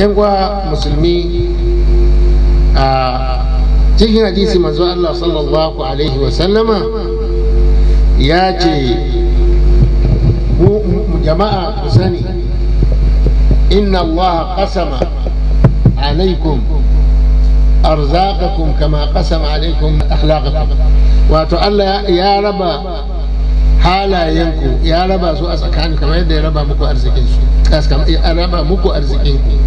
yan uwa musulmi a cikin hadisi manzo Allah sallallahu alaihi wasallama ya ce jama'a ku sani inna Allah qasama alaikum arzaqakum kama qasama alaikum akhlaqakum wato Allah ya raba halayenku ya raba su a tsakanin kamar yadda ya raba muku ya raba muku arzikinku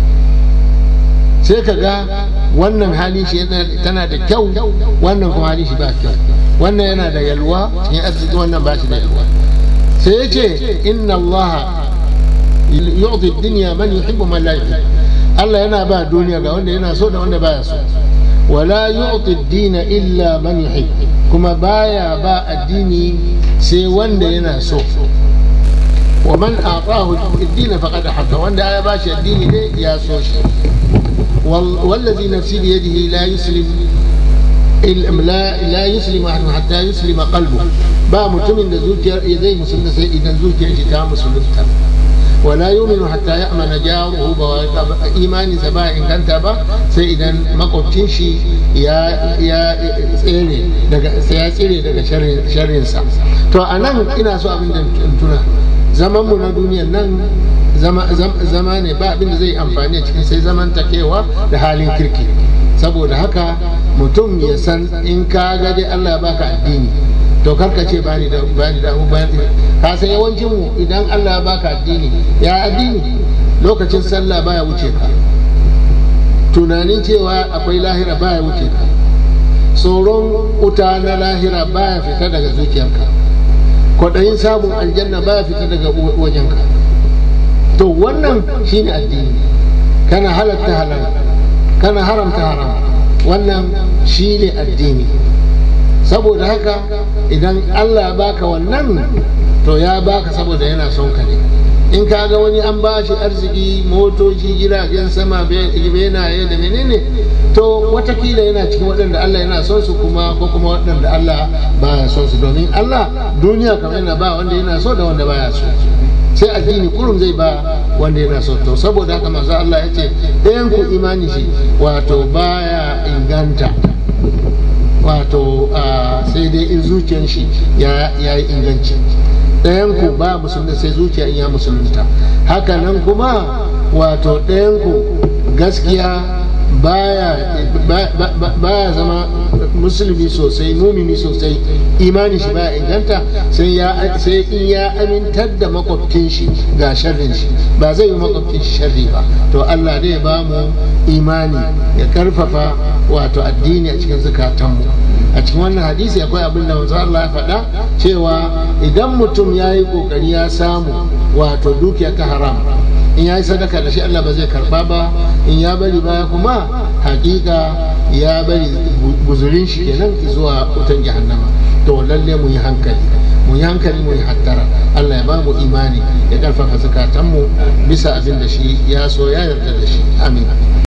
sai ka ga wannan hali shi tana da kyau wannan kuma hali shi ba kyau wannan yana da yalwa cikin arziki wannan ba shi da yalwa sai ya ce inna allah yu'ti dunya man yuhibbu man la Allah yana ba duniya ga wanda yana so da wanda baya so wala yu'ti dina illa man yuhibbu kuma baya ba addini sai wanda yana so wa man a'tahu ad-din faqad ahabba wanda ya bashi addini ne ya so shi والذي نفسي بيده لا يسلم لا لا يسلم احد حتى يسلم قلبه ba mutumin da zuciyar zai musulunta sai idan zuciyar shi ta musulunta wala yuminu hatta ya amana jaruhu ba imani sa ba inganta ba sai idan makwabcin shi ya tsere daga sai tsire daga sharrin sa to anan ina so abin da tuna zaman mu na duniyan nan zama ne ba abin da zai amfani a cikin sai zaman takewa da halin kirki saboda haka mutum ya san in ka gaje Allah ba baka addini to karka ce ba ni da bani da ka san yawancin mu idan Allah ba baka addini ya addini lokacin sallah baya wuce ka tunanin cewa akwai lahira baya wuce ka tsoron wuta na lahira baya fita daga zuciyarka kwaɗayin samun aljanna ba fita daga wajenka to wannan shine addini kana halatta halal kana haramta haram wannan shine addini saboda haka idan allah baka wannan to ya baka saboda yana son ka ne in kaga wani an ba shi arziki motoci jiragen sama benaye da menene to watakila yana cikin waɗanda Allah yana son su kuma ko kuma waɗanda Allah baya son su domin Allah duniya kamar yana ba wanda yana so da wanda baya so sai addini kurum zai ba wanda yana so to saboda haka manzo Allah ya ce ɗayan ku imani shi wato baya inganta wato ah, sai dai in zuciyar shi ya yi inganci Ɗayanku ba musulmi sai zuciya in ya musulunta haka nan kuma wato ɗayanku ku gaskiya baya zama musulmi sosai mumini sosai imani shi baya inganta sai in ya amintar da makwabcin shi ga sharrin shi ba zai yi makwabcin shi sharri ba to Allah ya ba mu imani ya karfafa wato addini a cikin zukatanmu a cikin wannan hadisi akwai abin da manzo Allah ya faɗa cewa idan mutum ya yi ƙoƙari ya samu wato dukiya ta haram in ya yi sadaka da shi Allah ba zai karɓa ba in ya bari baya kuma hakika ya bari guzurin shi kenan zuwa wutan jahannama to lalle mu yi hankali mu yi hankali mu yi hattara Allah ya ba mu imani ya karfafa zakatanmu bisa abin da shi ya so ya yarda da shi amin